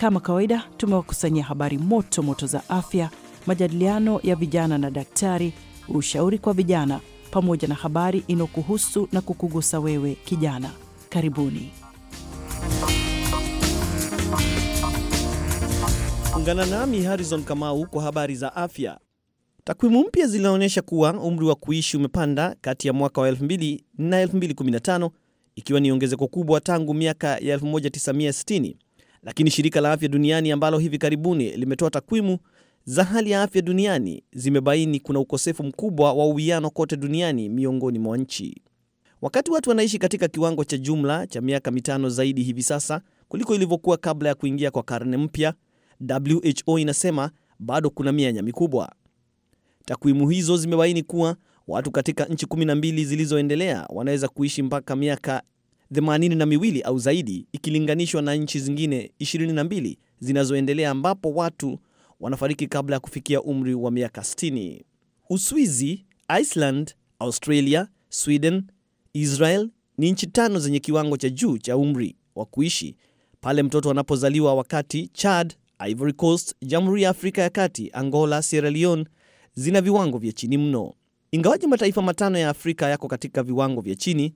Kama kawaida, tumewakusanyia habari moto moto za afya, majadiliano ya vijana na daktari, ushauri kwa vijana, pamoja na habari inayokuhusu na kukugusa wewe kijana. Karibuni. Ungana nami Harrison Kamau kwa habari za afya. Takwimu mpya zinaonyesha kuwa umri wa kuishi umepanda kati ya mwaka wa 2000 na 2015, ikiwa ni ongezeko kubwa tangu miaka ya 1960 lakini shirika la afya duniani ambalo hivi karibuni limetoa takwimu za hali ya afya duniani zimebaini kuna ukosefu mkubwa wa uwiano kote duniani miongoni mwa nchi. Wakati watu wanaishi katika kiwango cha jumla cha miaka mitano zaidi hivi sasa kuliko ilivyokuwa kabla ya kuingia kwa karne mpya, WHO inasema bado kuna mianya mikubwa. Takwimu hizo zimebaini kuwa watu katika nchi 12 zilizoendelea wanaweza kuishi mpaka miaka themanini na miwili au zaidi ikilinganishwa na nchi zingine 22 zinazoendelea ambapo watu wanafariki kabla ya kufikia umri wa miaka 60. Uswizi, Iceland, Australia, Sweden, Israel ni nchi tano zenye kiwango cha juu cha umri wa kuishi pale mtoto anapozaliwa, wakati Chad, Ivory Coast, Jamhuri ya Afrika ya Kati, Angola, Sierra Leone zina viwango vya chini mno. Ingawaji mataifa matano ya Afrika yako katika viwango vya chini,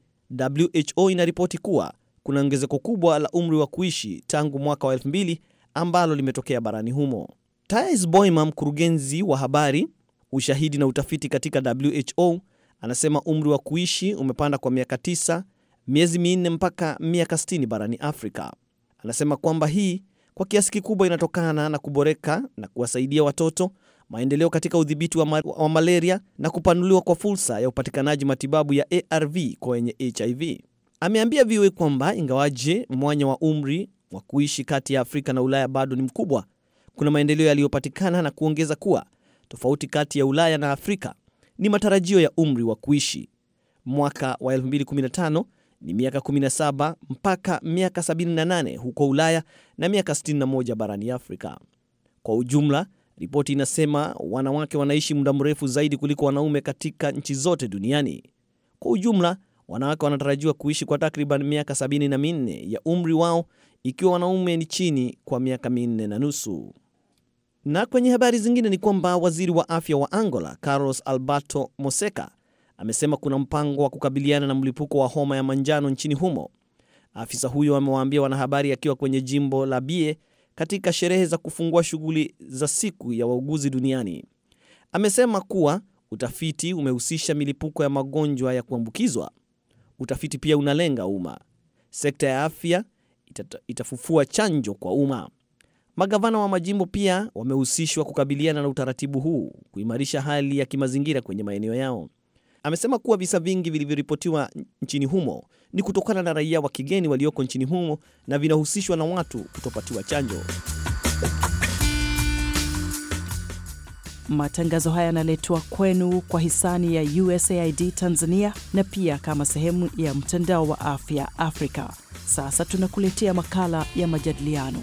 WHO inaripoti kuwa kuna ongezeko kubwa la umri wa kuishi tangu mwaka wa 2000 ambalo limetokea barani humo. Ties Boima, mkurugenzi wa habari, ushahidi na utafiti katika WHO, anasema umri wa kuishi umepanda kwa miaka 9, miezi minne mpaka miaka 60 barani Afrika. Anasema kwamba hii kwa kiasi kikubwa inatokana na kuboreka na kuwasaidia watoto maendeleo katika udhibiti wa, ma wa malaria na kupanuliwa kwa fursa ya upatikanaji matibabu ya ARV kwa wenye HIV. Ameambia VOA kwamba ingawaje mwanya wa umri wa kuishi kati ya Afrika na Ulaya bado ni mkubwa, kuna maendeleo yaliyopatikana na kuongeza kuwa tofauti kati ya Ulaya na Afrika ni matarajio ya umri wa kuishi. Mwaka wa 2015 ni miaka 17 mpaka miaka 78 huko Ulaya na miaka 61 barani Afrika. Kwa ujumla Ripoti inasema wanawake wanaishi muda mrefu zaidi kuliko wanaume katika nchi zote duniani. Kwa ujumla, wanawake wanatarajiwa kuishi kwa takriban miaka sabini na minne ya umri wao, ikiwa wanaume ni chini kwa miaka minne na nusu. Na kwenye habari zingine ni kwamba waziri wa afya wa Angola Carlos Alberto Moseka amesema kuna mpango wa kukabiliana na mlipuko wa homa ya manjano nchini humo. Afisa huyo amewaambia wanahabari akiwa kwenye jimbo la Bie katika sherehe za kufungua shughuli za siku ya wauguzi duniani. Amesema kuwa utafiti umehusisha milipuko ya magonjwa ya kuambukizwa. Utafiti pia unalenga umma. Sekta ya afya itafufua chanjo kwa umma. Magavana wa majimbo pia wamehusishwa kukabiliana na utaratibu huu, kuimarisha hali ya kimazingira kwenye maeneo yao. Amesema kuwa visa vingi vilivyoripotiwa nchini humo ni kutokana na raia wa kigeni walioko nchini humo na vinahusishwa na watu kutopatiwa chanjo. Matangazo haya yanaletwa kwenu kwa hisani ya USAID Tanzania na pia kama sehemu ya mtandao wa afya Afrika. Sasa tunakuletea makala ya majadiliano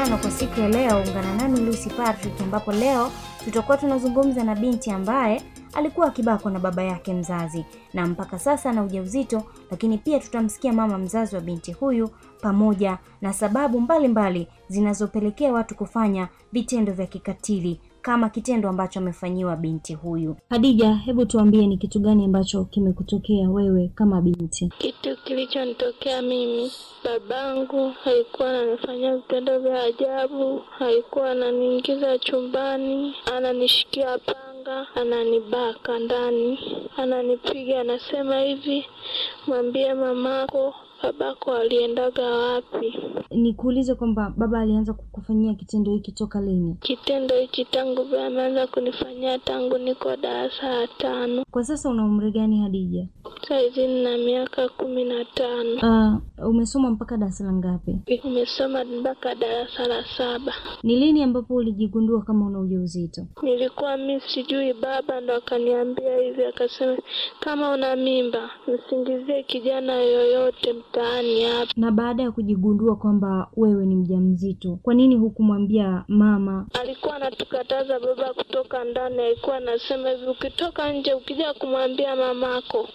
mahojiano kwa siku ya leo. Ungana nami Lucy Patrick, ambapo leo tutakuwa tunazungumza na binti ambaye alikuwa akibakwa na baba yake mzazi na mpaka sasa ana ujauzito, lakini pia tutamsikia mama mzazi wa binti huyu pamoja na sababu mbalimbali mbali zinazopelekea watu kufanya vitendo vya kikatili kama kitendo ambacho amefanyiwa binti huyu. Hadija, hebu tuambie ni kitu gani ambacho kimekutokea wewe kama binti? Kitu kilichonitokea mimi, babangu alikuwa ananifanyia vitendo vya ajabu, alikuwa ananiingiza chumbani, ananishikia panga, ananibaka ndani, ananipiga, anasema hivi, mwambie mamako babako aliendaga wapi? Nikuulize kwamba baba alianza kukufanyia kitendo hiki toka lini? Kitendo hiki tangu baba ameanza kunifanyia tangu niko darasa la tano. Kwa sasa una umri gani Hadija? Saizi nina miaka kumi na tano. Uh, umesoma mpaka darasa la ngapi? Umesoma mpaka darasa la saba. Ni lini ambapo ulijigundua kama una ujauzito? Nilikuwa mi sijui, baba ndo akaniambia hivi, akasema kama una mimba msingizie kijana yoyote na baada ya kujigundua kwamba wewe ni mjamzito, kwa nini hukumwambia mama? Alikuwa anatukataza baba kutoka ndani, alikuwa anasema hivi, ukitoka nje ukija kumwambia mamako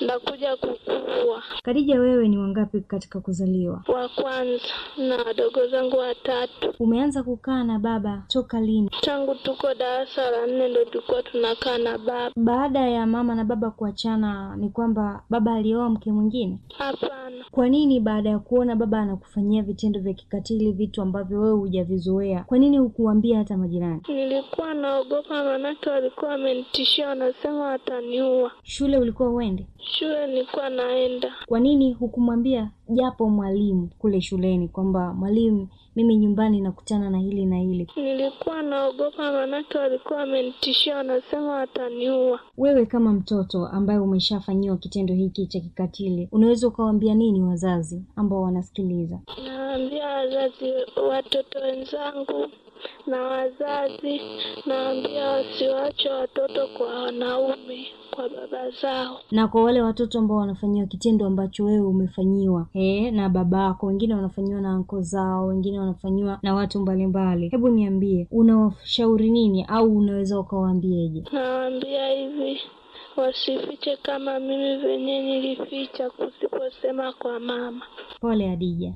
ndakuja kukua kadija wewe ni wangapi katika kuzaliwa? Wa kwanza na wadogo zangu watatu. Umeanza kukaa na baba toka lini? Tangu tuko darasa la nne ndo tulikuwa tunakaa na baba. Baada ya mama na baba kuachana, ni kwamba baba alioa mke mwingine? Hapana. Kwa nini baada ya kuona baba anakufanyia vitendo vya kikatili, vitu ambavyo wewe hujavizoea, kwa nini hukuambia hata majirani? Nilikuwa naogopa, manake walikuwa wamenitishia, wanasema wataniua. Shule ulikuwa uende? Shule nilikuwa naenda. Kwa nini hukumwambia japo mwalimu kule shuleni kwamba mwalimu, mimi nyumbani nakutana na hili na hili. Nilikuwa naogopa, manake walikuwa wamenitishia, wanasema wataniua. Wewe kama mtoto ambaye umeshafanyiwa kitendo hiki cha kikatili, unaweza ukawaambia nini wazazi ambao wanasikiliza? Nawaambia wazazi, watoto wenzangu na wazazi, naambia wasiwache watoto kwa wanaume, kwa baba zao. Na kwa wale watoto ambao wanafanyiwa kitendo ambacho wewe umefanyiwa eh, na babako, wengine wanafanyiwa na anko zao, wengine wanafanyiwa na watu mbalimbali, hebu niambie, unawashauri nini au unaweza ukawaambieje? Nawaambia hivi wasifiche kama mimi venye nilificha kusiposema kwa mama. Pole Adija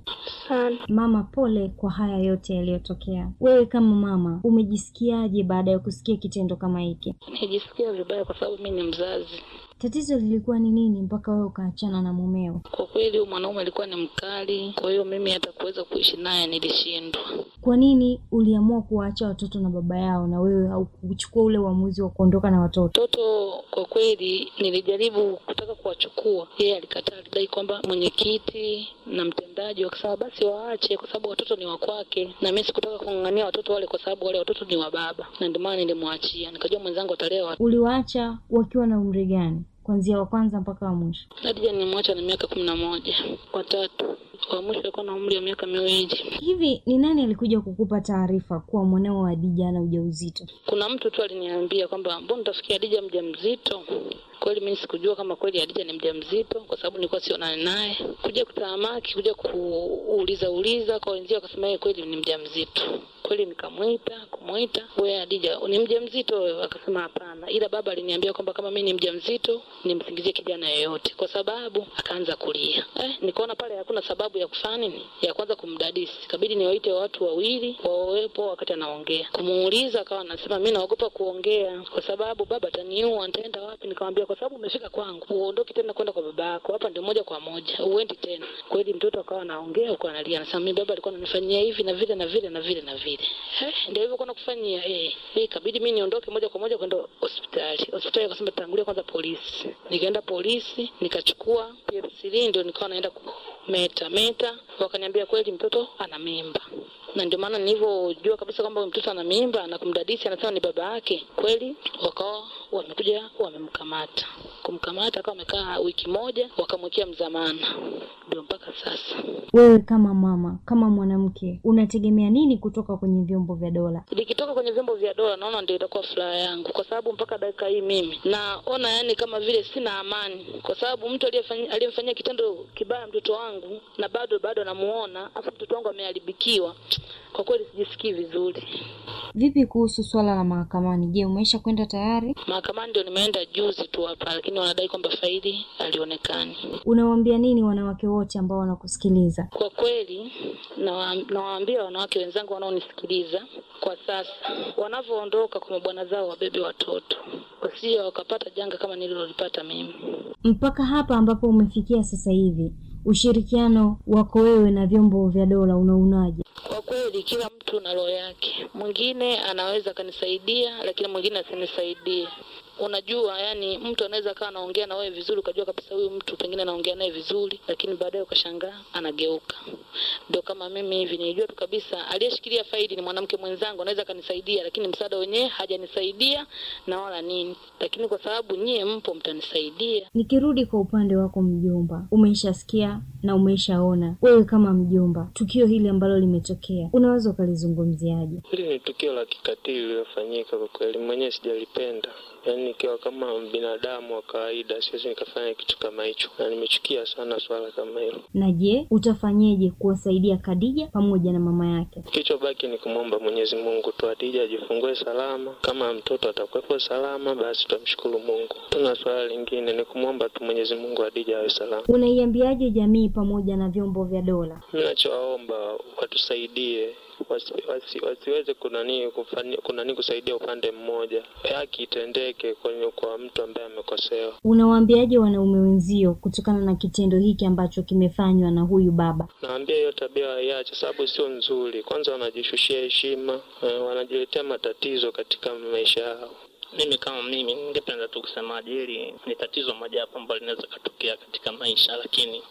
sana mama, pole kwa haya yote yaliyotokea. Wewe kama mama umejisikiaje baada ya kusikia kitendo kama hiki? Nijisikia vibaya kwa sababu mimi ni mzazi Tatizo lilikuwa ni nini mpaka wewe ukaachana na mumeo? Kwa kweli huyo mwanaume alikuwa ni mkali, kwa hiyo mimi hata kuweza kuishi naye nilishindwa. Kwa nini uliamua kuwaacha watoto na baba yao na wewe haukuchukua ule uamuzi wa kuondoka na watoto? Watoto kwa kweli nilijaribu kutaka kuwachukua, yeye alikataa, alidai kwamba mwenyekiti na mtendaji wakisema basi waache kwa sababu watoto ni wa kwake, na mimi sikutaka kung'ang'ania watoto wale kwa sababu wale watoto ni wa baba, na ndio maana nilimwachia. Nikajua mwenzangu atalewa. Uliwaacha wakiwa na umri gani? kuanzia wa kwanza mpaka wa mwisho. ni mmoja na miaka kumi na moja watatu wa mwisho alikuwa na umri wa miaka miwili hivi. Ni nani alikuja kukupa taarifa kuwa mwanao wa Adija ana ujauzito? Kuna mtu tu aliniambia kwamba mbona dija Adija mjamzito. Kweli mimi sikujua kama kweli Adija ni mjamzito, kwa sababu nilikuwa sionane naye. Kuja kutaamaki, kuja kuuliza uliza kwa wenzia, wakasema yeye kweli ni mjamzito. Kweli nikamwita kumwita, we Adija ni mjamzito? Akasema hapana, ila baba aliniambia kwamba kama mimi ni mjamzito nimsingizie kijana yoyote, kwa sababu akaanza kulia. Eh, nikaona pale hakuna sababu sababu ya kufanya nini, ya kwanza kumdadisi, ikabidi niwaite watu wawili wawepo wakati anaongea, kumuuliza. Akawa anasema mimi naogopa kuongea kwa sababu baba ataniua, nitaenda wapi? Nikamwambia kwa sababu umefika kwangu, uondoki tena kwenda kwa baba yako, hapa ndio moja kwa moja, uendi tena. Kweli mtoto akawa anaongea huko, analia, anasema mimi baba alikuwa ananifanyia hivi na vile na vile na vile na vile, eh, ndio hivyo kuna kufanyia eh, eh, kabidi mimi niondoke moja kwa moja kwenda hospitali. Hospitali akasema tangulia kwanza polisi. Nikaenda polisi, nikachukua PF3 ndio nikawa naenda meta meta, wakaniambia kweli mtoto ana mimba na ndio maana nilivyojua kabisa kwamba mtoto ana mimba na kumdadisi, anasema ni baba yake kweli, wakawa wamekuja wamemkamata kumkamata, akawa amekaa wiki moja, wakamwekea mzamana, ndio mpaka sasa. Wewe kama mama, kama mwanamke, unategemea nini kutoka kwenye vyombo vya dola? Nikitoka kwenye vyombo vya dola, naona ndio itakuwa furaha yangu, kwa sababu mpaka dakika hii mimi naona yani kama vile sina amani, kwa sababu mtu aliyemfanyia kitendo kibaya mtoto wangu na bado bado anamuona, afu mtoto wangu ameharibikiwa, kwa kweli sijisikii vizuri. Vipi kuhusu swala la mahakamani? Je, umeisha kwenda tayari mahakamani? Ndio, nimeenda juzi tu hapa, lakini wengine wanadai kwamba faili alionekani. Unawaambia nini wanawake wote ambao wanakusikiliza? Kwa kweli nawaambia na wanawake wenzangu wanaonisikiliza kwa sasa, wanavyoondoka kwa mabwana zao, wabebe watoto wasije wakapata janga kama nililolipata mimi. Mpaka hapa ambapo umefikia sasa hivi, ushirikiano wako wewe na vyombo vya dola unaunaje? Kwa kweli kila mtu na roho yake, mwingine anaweza akanisaidia, lakini mwingine asinisaidie unajua yani, mtu anaweza kawa anaongea na wewe vizuri, ukajua kabisa huyu mtu pengine anaongea naye vizuri, lakini baadaye ukashangaa anageuka. Ndio kama mimi hivi, nilijua tu kabisa aliyeshikilia faili ni mwanamke mwenzangu, anaweza kanisaidia, lakini msaada wenyewe hajanisaidia na wala nini, lakini kwa sababu nyie mpo mtanisaidia. Nikirudi kwa upande wako, mjomba, umeishasikia na umeishaona wewe kama mjomba, tukio hili ambalo limetokea unaweza ukalizungumziaje? Hili ni tukio la kikatili iliyofanyika kwa kweli mwenyewe sijalipenda yani nikiwa kama binadamu wa kawaida siwezi nikafanya kitu kama hicho, na nimechukia sana swala kama hilo. Na je, utafanyeje kuwasaidia Khadija pamoja na mama yake? Kichobaki ni kumwomba Mwenyezi Mungu tu Khadija ajifungue salama, kama mtoto atakuwepo salama, basi tutamshukuru Mungu. Tuna swala lingine ni kumwomba tu Mwenyezi Mungu Khadija awe salama. Unaiambiaje jamii pamoja na vyombo vya dola? Mimi nachowaomba watusaidie wasiweze wasi, wasi kunani kunani kusaidia upande mmoja, haki itendeke kwenye kwa mtu ambaye amekosewa. Unawaambiaje wanaume wenzio kutokana na kitendo hiki ambacho kimefanywa na huyu baba? Naambia hiyo tabia waiache, sababu sio nzuri. Kwanza wanajishushia heshima, eh, wanajiletea matatizo katika maisha yao. Mimi kama mimi ningependa tu kusema ajili ni tatizo mojawapo ambalo linaweza katokea katika maisha, lakini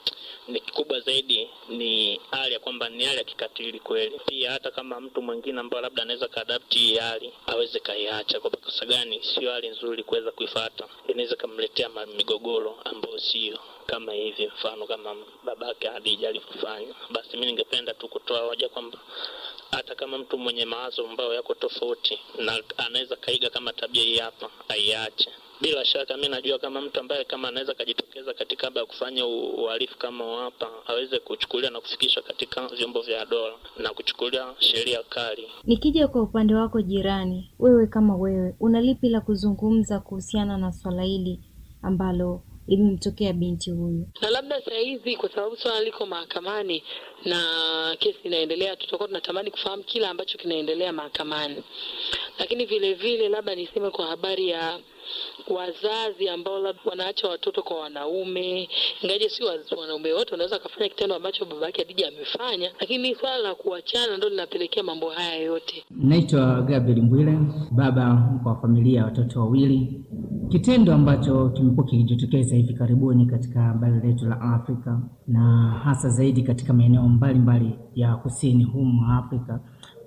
ni kikubwa zaidi ni hali ya kwamba ni hali ya kikatili kweli. Pia hata kama mtu mwingine ambaye labda anaweza kaadapti hii hali aweze kaiacha, kwa kosa gani? Sio hali nzuri kuweza kuifata, inaweza kamletea migogoro ambayo sio kama hivi, mfano kama babake Hadija alivyofanya. Basi mi ningependa tu kutoa hoja kwamba hata kama mtu mwenye mawazo ambayo yako tofauti na anaweza kaiga kama tabia hii hapa, aiache. Bila shaka mi najua kama mtu ambaye kama anaweza kajitokeza katika haba ya kufanya uhalifu kama hapa, aweze kuchukulia na kufikishwa katika vyombo vya dola na kuchukulia sheria kali. Nikija kwa upande wako jirani, wewe kama wewe, unalipi la kuzungumza kuhusiana na swala hili ambalo imemtokea binti huyu, na labda saa hizi kwa sababu swala liko mahakamani na kesi inaendelea, tutakuwa tunatamani kufahamu kila ambacho kinaendelea mahakamani, lakini vilevile labda niseme kwa habari ya wazazi ambao labda wanaacha watoto kwa wanaume, ingaje si wanaume wote wanaweza wakafanya kitendo ambacho baba yake Adija amefanya, lakini swala la kuachana ndo linapelekea mambo haya yote. Naitwa Gabriel Mbwile, baba kwa wa familia ya watoto wawili. Kitendo ambacho kimekuwa kikijitokeza hivi karibuni katika bara letu la Afrika na hasa zaidi katika maeneo mbalimbali ya kusini humu Afrika,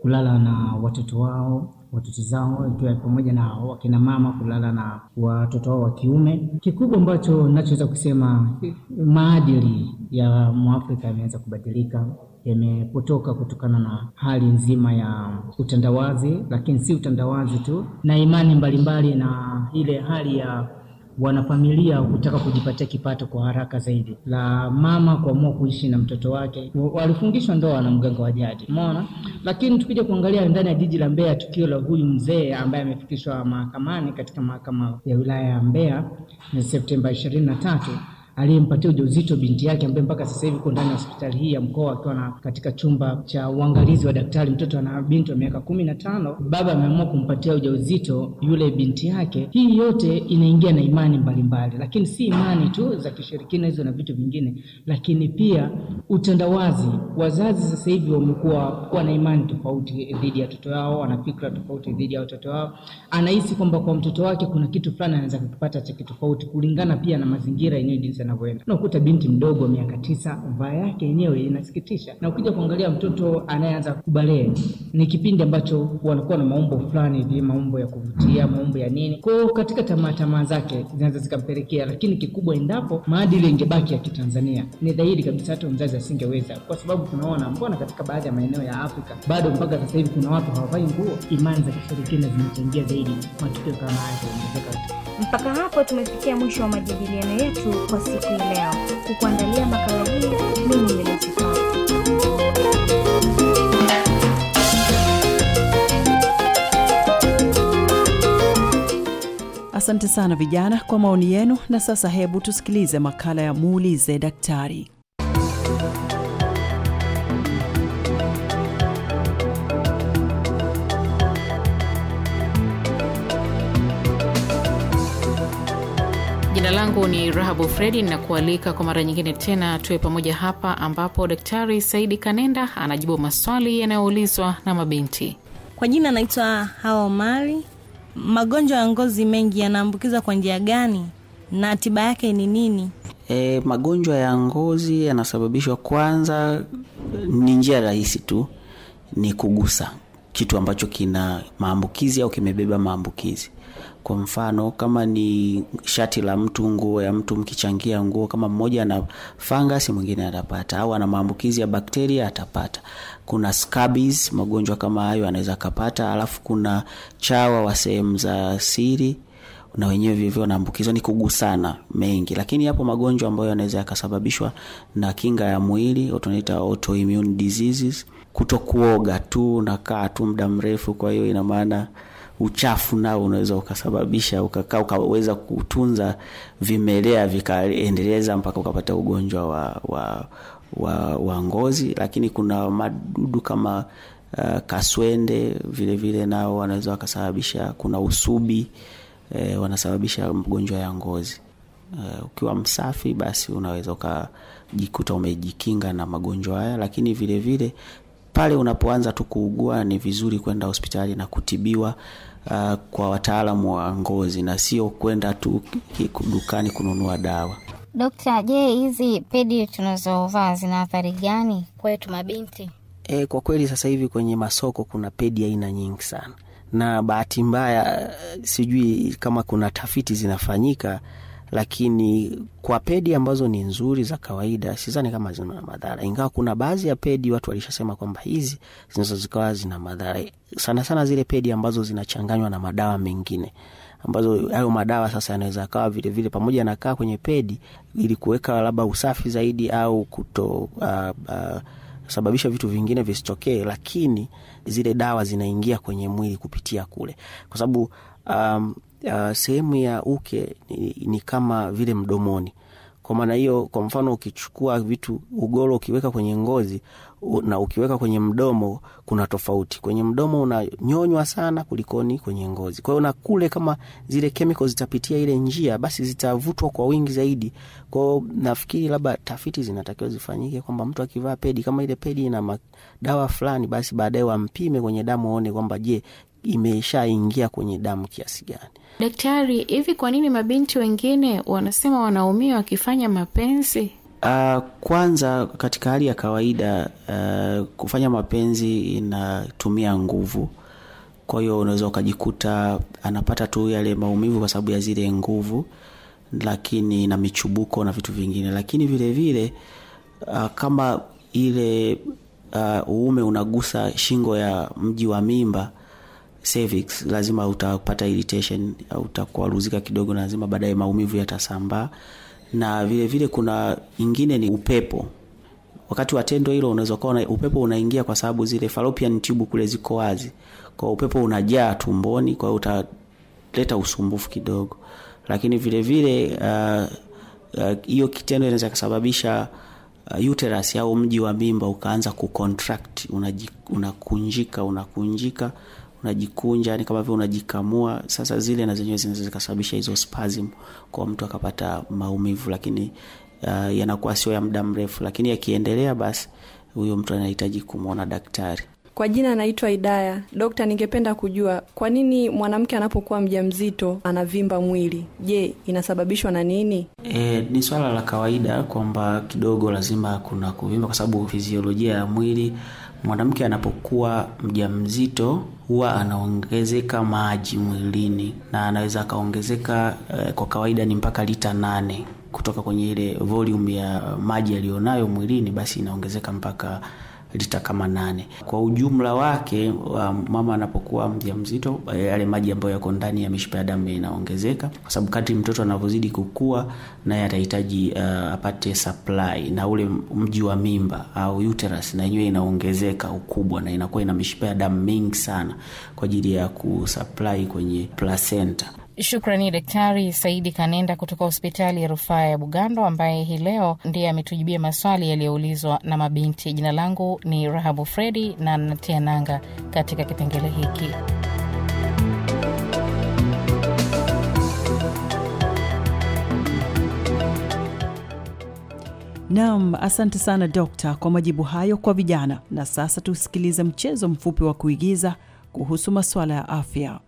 kulala na watoto wao watoto zao, ikiwa pamoja na wakina mama kulala na watoto wao wa kiume. Kikubwa ambacho nachoweza kusema, maadili ya Mwafrika yameanza kubadilika yamepotoka kutokana na hali nzima ya utandawazi, lakini si utandawazi tu, na imani mbalimbali mbali na ile hali ya wanafamilia kutaka kujipatia kipato kwa haraka zaidi, la mama kuamua kuishi na mtoto wake. Walifungishwa ndoa na mganga wa jadi, umeona. Lakini tukija kuangalia ndani ya jiji la Mbeya, tukio la huyu mzee ambaye amefikishwa mahakamani katika mahakama ya wilaya ya Mbeya ni Septemba ishirini na tatu aliyempatia ujauzito binti yake ambaye mpaka sasa hivi ndani ya hospitali hii ya mkoa akiwa na katika chumba cha uangalizi wa daktari. Mtoto ana binti wa miaka kumi na tano, baba ameamua kumpatia ujauzito yule binti yake. Hii yote inaingia na imani mbalimbali, lakini si imani tu za kishirikina hizo na vitu vingine, lakini pia utandawazi. Wazazi sasa hivi wamekuwa na imani tofauti dhidi ya watoto wao, wana fikra tofauti dhidi ya watoto wao. Anahisi kwamba kwa mtoto wake kuna kitu fulani anaweza kukipata cha kitofauti, kulingana pia na mazingira yenyewe anavyoenda. Unakuta binti mdogo miaka tisa, vaa yake yenyewe inasikitisha, na ukija kuangalia mtoto anayeanza kubalea ni kipindi ambacho wanakuwa na maumbo fulani hivi, maumbo ya kuvutia, maumbo ya nini kwao, katika tamaa tamaa zake zinaweza zikampelekea. Lakini kikubwa, endapo maadili ingebaki ya Kitanzania, ni dhahiri kabisa hata mzazi asingeweza, kwa sababu tunaona mbona katika baadhi ya maeneo ya Afrika bado mpaka sasa hivi kuna watu hawavai nguo. Imani za kishirikina zimechangia zaidi matukio kama haya kuongezeka. Mpaka hapo tumefikia mwisho wa majadiliano yetu kwa siku hii leo. Kukuandalia makala hii mimi ni Asante sana vijana kwa maoni yenu, na sasa hebu tusikilize makala ya muulize daktari. langu ni Rahabu Fredi, ninakualika kwa mara nyingine tena tuwe pamoja hapa, ambapo Daktari Saidi Kanenda anajibu maswali yanayoulizwa na mabinti. Kwa jina anaitwa Hawa Omari. Magonjwa ya ngozi mengi yanaambukizwa kwa njia gani na tiba yake ni nini? E, magonjwa ya ngozi yanasababishwa, kwanza ni njia rahisi tu, ni kugusa kitu ambacho kina maambukizi au kimebeba maambukizi. Kwa mfano kama ni shati la mtu, nguo ya mtu, mkichangia nguo, kama mmoja ana fungus mwingine atapata, au ana maambukizi ya bakteria atapata. Kuna scabies, magonjwa kama hayo anaweza kapata. Alafu kuna chawa wa sehemu za siri na wenyewe vivyo wanaambukizwa, ni kugusana mengi. Lakini yapo magonjwa ambayo yanaweza yakasababishwa na kinga ya mwili, tunaita autoimmune diseases. Kutokuoga tu, unakaa tu muda mrefu, kwa hiyo ina maana uchafu nao unaweza ukasababisha ukakaa ukaweza kutunza vimelea vikaendeleza mpaka ukapata ugonjwa wa, wa, wa, wa ngozi, lakini kuna madudu kama uh, kaswende vilevile vile nao wanaweza wakasababisha. Kuna usubi eh, wanasababisha mgonjwa ya ngozi. Uh, ukiwa msafi basi unaweza ukajikuta umejikinga na magonjwa haya, lakini vilevile vile, pale unapoanza tu kuugua ni vizuri kwenda hospitali na kutibiwa uh, kwa wataalamu wa ngozi na sio kwenda tu dukani kununua dawa. Dokta, je, hizi pedi tunazovaa zina athari gani kwetu mabinti? E, kwa kweli sasa hivi kwenye masoko kuna pedi aina nyingi sana, na bahati mbaya eh, sijui kama kuna tafiti zinafanyika lakini kwa pedi ambazo ni nzuri za kawaida sizani kama zina madhara, ingawa kuna baadhi ya pedi watu walishasema kwamba hizi zinaweza zikawa zina madhara, sana sana zile pedi ambazo zinachanganywa na madawa mengine ambazo hayo madawa sasa yanaweza kawa vile vile pamoja nakaa kwenye pedi ili kuweka labda usafi zaidi au kuto uh, uh, sababisha vitu vingine visitokee, lakini zile dawa zinaingia kwenye mwili kupitia kule, kwa sababu um, uh, sehemu ya uke ni, ni kama vile mdomoni. Kwa maana hiyo, kwa mfano, ukichukua vitu ugoro ukiweka kwenye ngozi na ukiweka kwenye mdomo, kuna tofauti. Kwenye mdomo unanyonywa sana kulikoni kwenye ngozi. Kwa hiyo na kule, kama zile chemicals zitapitia ile njia, basi zitavutwa kwa wingi zaidi. Kwa hiyo nafikiri labda tafiti zinatakiwa zifanyike kwamba mtu akivaa pedi, kama ile pedi ina madawa fulani, basi baadaye wampime kwenye damu, aone kwamba je, imeshaingia kwenye damu kiasi gani. Daktari, hivi kwa nini mabinti wengine wanasema wanaumia wakifanya mapenzi? Uh, kwanza katika hali ya kawaida uh, kufanya mapenzi inatumia nguvu, kwa hiyo unaweza ukajikuta anapata tu yale maumivu kwa sababu ya zile nguvu, lakini na michubuko na vitu vingine, lakini vilevile vile, uh, kama ile uh, uume unagusa shingo ya mji wa mimba cervix, lazima utapata irritation, utakuaruzika kidogo, na lazima baadaye maumivu yatasambaa. Na vile vile kuna ingine ni upepo wakati wa tendo hilo unaweza kuona upepo unaingia kwa sababu zile fallopian tube kule ziko wazi, kwa upepo unajaa tumboni, kwa hiyo utaleta usumbufu kidogo. Lakini vile vile hiyo uh, uh, kitendo inaweza kusababisha uh, uterus au mji wa mimba ukaanza kucontract, unakunjika unakunjika, unajikunja yani kama vile unajikamua sasa zile na zenyewe zinaweza zikasababisha hizo spasm kwa mtu akapata maumivu lakini uh, yanakuwa sio ya muda mrefu lakini yakiendelea basi huyo mtu anahitaji kumwona daktari kwa jina anaitwa Idaya. Dokta, ningependa kujua kwa nini mwanamke anapokuwa mja mzito anavimba mwili? Je, inasababishwa na nini? E, ni swala la kawaida kwamba kidogo lazima kuna kuvimba, kwa sababu fiziolojia ya mwili mwanamke anapokuwa mjamzito huwa anaongezeka maji mwilini na anaweza akaongezeka eh, kwa kawaida ni mpaka lita nane kutoka kwenye ile volume ya maji aliyonayo mwilini, basi inaongezeka mpaka lita kama nane. Kwa ujumla wake, mama anapokuwa mja mzito eh, yale maji ambayo yako ndani ya mishipa ya damu inaongezeka, kwa sababu kadri mtoto anavyozidi kukua, naye atahitaji uh, apate supply na ule mji wa mimba au uterus, na yenyewe inaongezeka ukubwa na inakuwa ina mishipa ya damu mingi sana kwa ajili ya kusupply kwenye placenta. Shukrani Daktari Saidi Kanenda kutoka hospitali ya rufaa ya Bugando, ambaye hii leo ndiye ametujibia maswali yaliyoulizwa na mabinti. Jina langu ni Rahabu Fredi na natia nanga katika kipengele hiki. Naam, asante sana dokta kwa majibu hayo kwa vijana. Na sasa tusikilize mchezo mfupi wa kuigiza kuhusu masuala ya afya.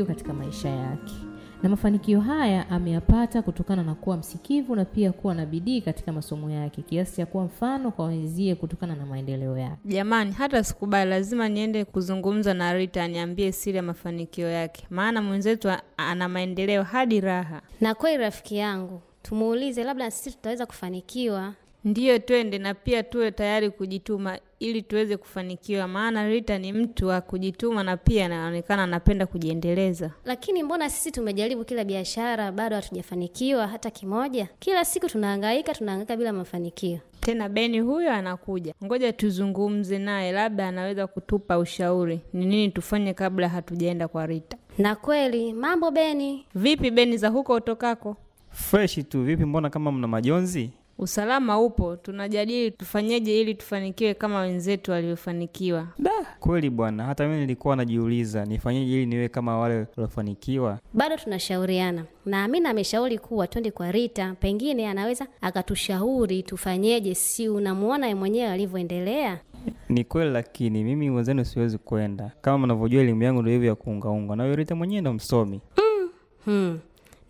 mafanikio katika maisha yake na mafanikio haya ameyapata kutokana na kuwa msikivu na pia kuwa na bidii katika masomo yake kiasi cha kuwa mfano kwa wenzie kutokana na maendeleo yake. Jamani, hata sikubali, lazima niende kuzungumza na Rita aniambie siri ya mafanikio yake, maana mwenzetu ana maendeleo hadi raha. Na kweli, rafiki yangu, tumuulize, labda sisi tutaweza kufanikiwa ndiyo twende na pia tuwe tayari kujituma ili tuweze kufanikiwa, maana Rita ni mtu wa kujituma na pia anaonekana anapenda kujiendeleza. Lakini mbona sisi tumejaribu kila biashara bado hatujafanikiwa hata kimoja? Kila siku tunahangaika, tunahangaika bila mafanikio. Tena Beni huyo anakuja, ngoja tuzungumze naye, labda anaweza kutupa ushauri ni nini tufanye kabla hatujaenda kwa Rita. Na kweli mambo Beni, vipi Beni za huko utokako? Freshi tu. Vipi, mbona kama mna majonzi? usalama upo, tunajadili tufanyeje ili tufanikiwe kama wenzetu waliofanikiwa. Da, kweli bwana, hata mimi nilikuwa najiuliza nifanyeje ili niwe kama wale waliofanikiwa. Bado tunashauriana na Amina ameshauri kuwa twende kwa Rita, pengine anaweza akatushauri tufanyeje. Si ye mwenyewe alivyoendelea? Ni kweli, lakini mimi wenzenu siwezi kwenda. Kama mnavyojua elimu yangu ndio hivyo ya kuungaunga, na Rita mwenyewe ndo msomi. Mm. Hmm.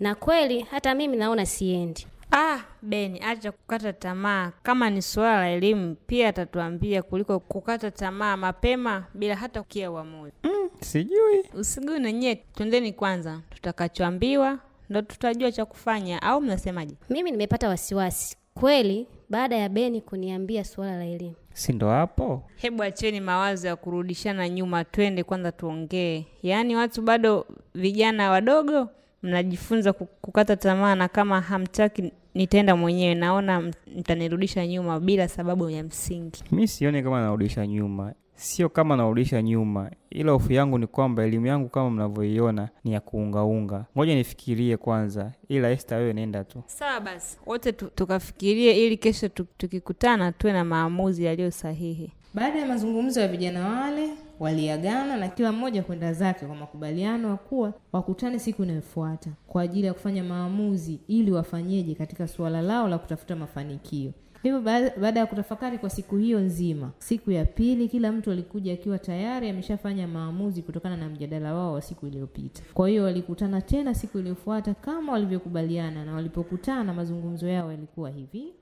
Na kweli hata mimi naona siendi. Ah, Beni, acha kukata tamaa. Kama ni suala la elimu pia atatuambia kuliko kukata tamaa mapema bila hata kukia uamuzi. Mm, sijui. Usigune nyeti, twendeni kwanza, tutakachoambiwa ndo tutajua cha kufanya, au mnasemaje? Mimi nimepata wasiwasi kweli baada ya Beni kuniambia suala la elimu, si ndo hapo. Hebu acheni mawazo ya kurudishana nyuma, twende kwanza tuongee. Yaani watu bado vijana wadogo mnajifunza kukata tamaa, na kama hamtaki nitaenda mwenyewe, naona mtanirudisha nyuma bila sababu ya msingi. Mi sioni kama narudisha nyuma, sio kama narudisha nyuma, ila hofu yangu ni kwamba elimu yangu kama mnavyoiona ni ya kuungaunga. Ngoja nifikirie kwanza, ila Esta, wewe nenda tu. Sawa basi, wote tukafikirie, ili kesho tukikutana tuwe na maamuzi yaliyo sahihi. Baada ya mazungumzo ya vijana wale waliagana na kila mmoja kwenda zake kwa makubaliano ya kuwa wakutane siku inayofuata kwa ajili ya kufanya maamuzi ili wafanyeje katika suala lao la kutafuta mafanikio. Hivyo baada ya kutafakari kwa siku hiyo nzima, siku ya pili kila mtu alikuja akiwa tayari ameshafanya maamuzi kutokana na mjadala wao wa siku iliyopita. Kwa hiyo walikutana tena siku iliyofuata kama walivyokubaliana, na walipokutana mazungumzo yao yalikuwa hivi.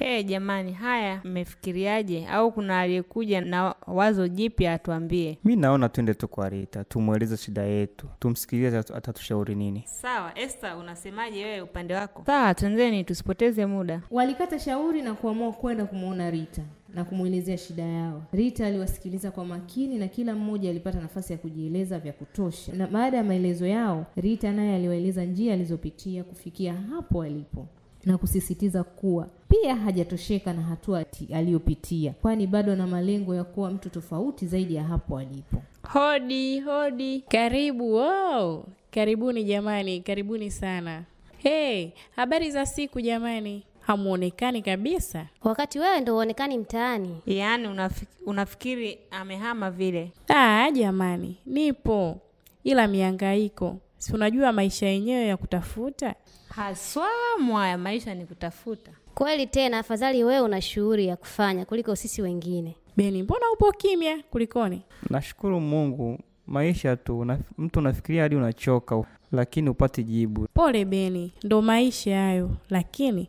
Hey, jamani, haya mmefikiriaje? Au kuna aliyekuja na wazo jipya atuambie? Mi naona twende tu kwa Rita tumweleze shida yetu, tumsikilize atatushauri nini. Sawa Esther, unasemaje wewe upande wako? Sawa, twendeni tusipoteze muda. Walikata shauri na kuamua kwenda kumwona Rita na kumwelezea shida yao. Rita aliwasikiliza kwa makini na kila mmoja alipata nafasi ya kujieleza vya kutosha, na baada ya maelezo yao, Rita naye aliwaeleza njia alizopitia kufikia hapo alipo na kusisitiza kuwa pia hajatosheka na hatua aliyopitia, kwani bado na malengo ya kuwa mtu tofauti zaidi ya hapo alipo. Hodi hodi, karibu oh. Karibuni jamani, karibuni sana. Hey, habari za siku jamani. Hamuonekani kabisa, wakati wewe ndo uonekani mtaani. Yaani unafik, unafikiri amehama vile? Ah, jamani, nipo ila miangaiko si unajua maisha yenyewe ya kutafuta haswa. Mwaya, maisha ni kutafuta kweli. Tena afadhali wewe una shughuli ya kufanya kuliko sisi wengine. Beni, mbona upo kimya? Kulikoni? Nashukuru Mungu, maisha tu na, mtu unafikiria hadi unachoka, lakini upate jibu. Pole Beni, ndo maisha hayo, lakini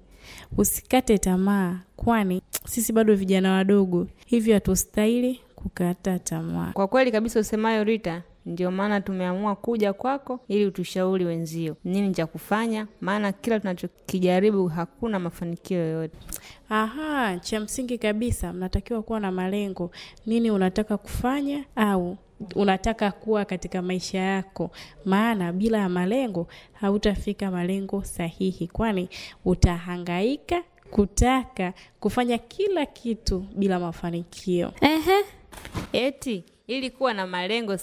usikate tamaa, kwani sisi bado vijana wadogo, hivyo hatustahili kukata tamaa. Kwa kweli kabisa usemayo Rita, ndio maana tumeamua kuja kwako ili utushauri wenzio nini cha kufanya, maana kila tunachokijaribu hakuna mafanikio yoyote. Aha, cha msingi kabisa, mnatakiwa kuwa na malengo. Nini unataka kufanya au unataka kuwa katika maisha yako, maana bila ya malengo hautafika malengo sahihi, kwani utahangaika kutaka kufanya kila kitu bila mafanikio. Ehe, eti ili kuwa na malengo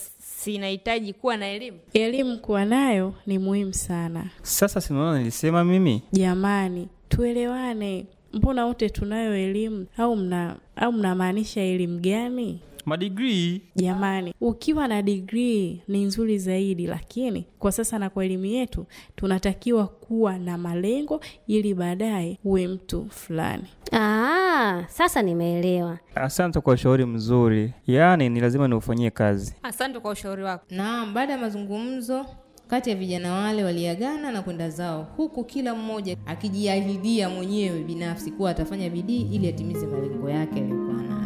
si inahitaji kuwa na elimu? Elimu kuwa nayo ni muhimu sana. Sasa simona, nilisema mimi, jamani, tuelewane. Mbona wote tunayo elimu? Au mna au mnamaanisha elimu gani? madigrii. Jamani, ukiwa na digrii ni nzuri zaidi, lakini kwa sasa na kwa elimu yetu tunatakiwa kuwa na malengo ili baadaye uwe mtu fulani. Aa, sasa nimeelewa. Asante kwa ushauri mzuri, yaani ni lazima niufanyie kazi. Asante kwa ushauri wako. Naam, baada ya mazungumzo kati ya vijana wale waliagana na kwenda zao, huku kila mmoja akijiahidia mwenyewe binafsi kuwa atafanya bidii ili atimize malengo yake aliyokuwa nayo.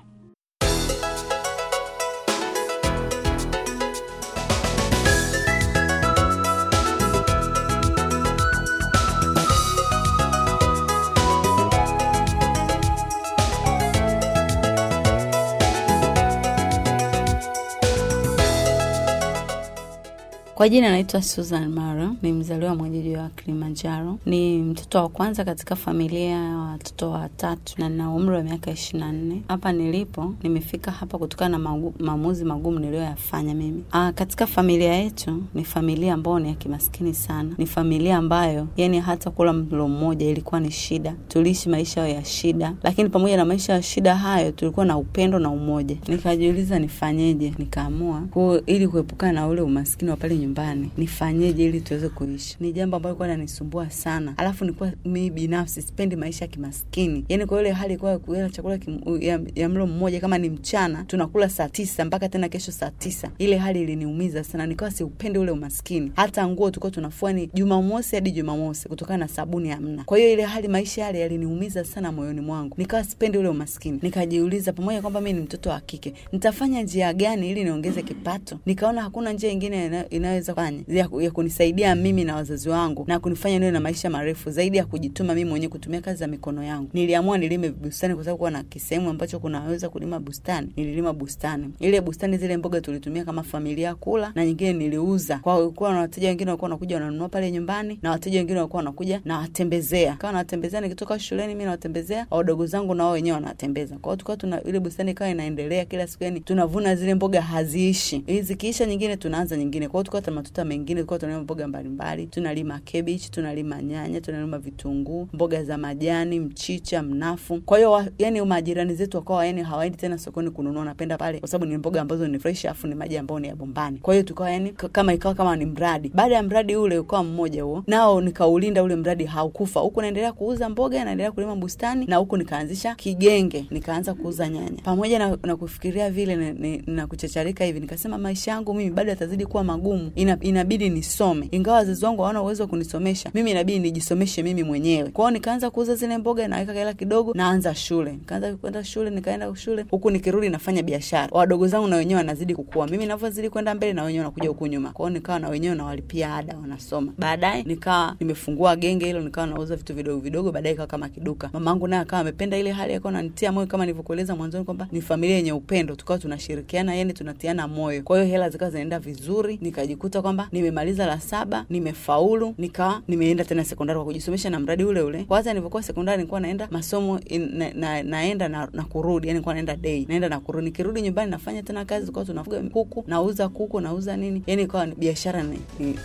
Kwa jina anaitwa Susan Mara, ni mzaliwa mwa jiji wa Kilimanjaro. Ni mtoto wa kwanza katika familia ya watoto watatu na nina umri wa miaka ishirini na nne. Hapa nilipo nimefika hapa kutokana na maamuzi magumu niliyoyafanya mimi. Aa, ah, katika familia yetu ni familia ambayo ni ya kimaskini sana, ni familia ambayo yani hata kula mlo mmoja ilikuwa ni shida. Tuliishi maisha ya shida, lakini pamoja na maisha ya shida hayo tulikuwa na upendo na umoja. Nikajiuliza nifanyeje, nikaamua ili kuepukana na ule umaskini wa pale nyumbani nyumbani, nifanyeje ili tuweze kuishi. Ni jambo ambalo kwa nanisumbua sana, alafu nilikuwa mimi binafsi sipendi maisha ya kimaskini, yani kwa ile hali kwa kula chakula kim, ya, ya mlo mmoja kama ni mchana tunakula saa tisa mpaka tena kesho saa tisa. Ile hali iliniumiza sana, nikawa siupendi ule umaskini. Hata nguo tulikuwa tunafua ni Jumamosi hadi Jumamosi kutokana na sabuni hamna. Kwa hiyo ile hali maisha yale yaliniumiza sana moyoni mwangu, nikawa sipendi ule umaskini. Nikajiuliza, pamoja kwamba mimi ni mtoto wa kike, nitafanya njia gani ili niongeze kipato? Nikaona hakuna njia ingine inayo naweza fanya ya, ya kunisaidia mimi na wazazi wangu na kunifanya niwe na maisha marefu zaidi ya kujituma mimi mwenyewe kutumia kazi za mikono yangu. Niliamua nilime bustani kwa sababu kuwa na kisehemu ambacho kunaweza kulima bustani. Nililima bustani ile bustani, zile mboga tulitumia kama familia kula, na nyingine niliuza kwa kuwa na wateja wengine walikuwa wanakuja wananunua pale nyumbani, na wateja wengine walikuwa wanakuja na watembezea, kawa nawatembezea nikitoka shuleni, mimi nawatembezea wadogo zangu, na wao wenyewe wanatembeza. Kwa hiyo tukawa tuna ile bustani ikawa inaendelea kila siku, yani tunavuna zile mboga haziishi, zikiisha nyingine tunaanza nyingine, kwa hiyo tukawa na matuta mengine, tulikuwa tunalima mboga mbalimbali, tunalima kabichi, tunalima nyanya, tunalima vitunguu, mboga za majani, mchicha, mnafu. Kwa hiyo yani majirani zetu wakawa yani hawaendi tena sokoni kununua, napenda pale kwa sababu ni mboga ambazo ni fresh afu ni maji ambayo ni ya bombani. Kwa hiyo tukawa yani kama ikawa kama ni mradi. Baada ya mradi ule ukawa mmoja huo, nao nikaulinda ule mradi, haukufa. Huku naendelea kuuza mboga, naendelea kulima bustani, na huku nikaanzisha kigenge, nikaanza kuuza nyanya. Pamoja na, na kufikiria vile na, na, na kuchacharika hivi, nikasema maisha yangu mimi bado yatazidi kuwa magumu inabidi nisome, ingawa wazazi wangu hawana uwezo wa kunisomesha mimi, inabidi nijisomeshe mimi mwenyewe. Kwao nikaanza kuuza zile mboga, naweka hela kidogo, naanza shule, nikaanza kwenda shule, nikaenda shule huku, nikirudi nafanya biashara. Wadogo zangu na wenyewe wanazidi kukua, mimi navyozidi kwenda mbele, na wenyewe wanakuja huku nyuma. Kwao nikawa na wenyewe nawalipia ada, wanasoma. Baadaye nikawa nimefungua genge hilo, nikawa nauza vitu vidogo vidogo, baadaye ikawa kama kiduka. mamaangu naye akawa amependa ile hali, akawa nanitia moyo, kama nilivyokueleza mwanzoni kwamba ni familia yenye upendo, tukawa tunashirikiana, yani tunatiana moyo. Kwa hiyo hela zikawa zinaenda vizuri, nikaji nikajikuta kwamba nimemaliza la saba, nimefaulu, nikawa nimeenda tena sekondari kwa kujisomesha na mradi ule ule. Kwanza nilipokuwa sekondari nilikuwa naenda masomo in, na, na, naenda na, na kurudi, yani nilikuwa naenda day, naenda na kurudi. Nikirudi nyumbani nafanya tena kazi kwa tunafuga kuku, nauza kuku, nauza nini, yani ikawa biashara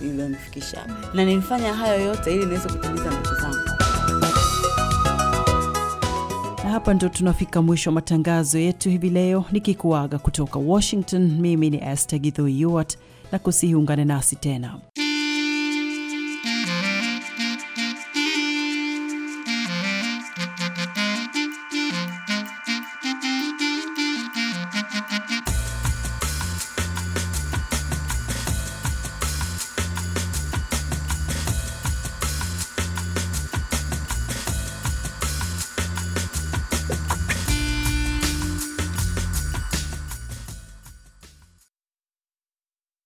iliyonifikisha ni, ni, na nilifanya hayo yote ili niweze kutimiza ndoto zangu. Na hapa ndo tunafika mwisho wa matangazo yetu hivi leo, nikikuaga kutoka Washington. Mimi ni Esther Githo Yuart na kusiungane nasi tena.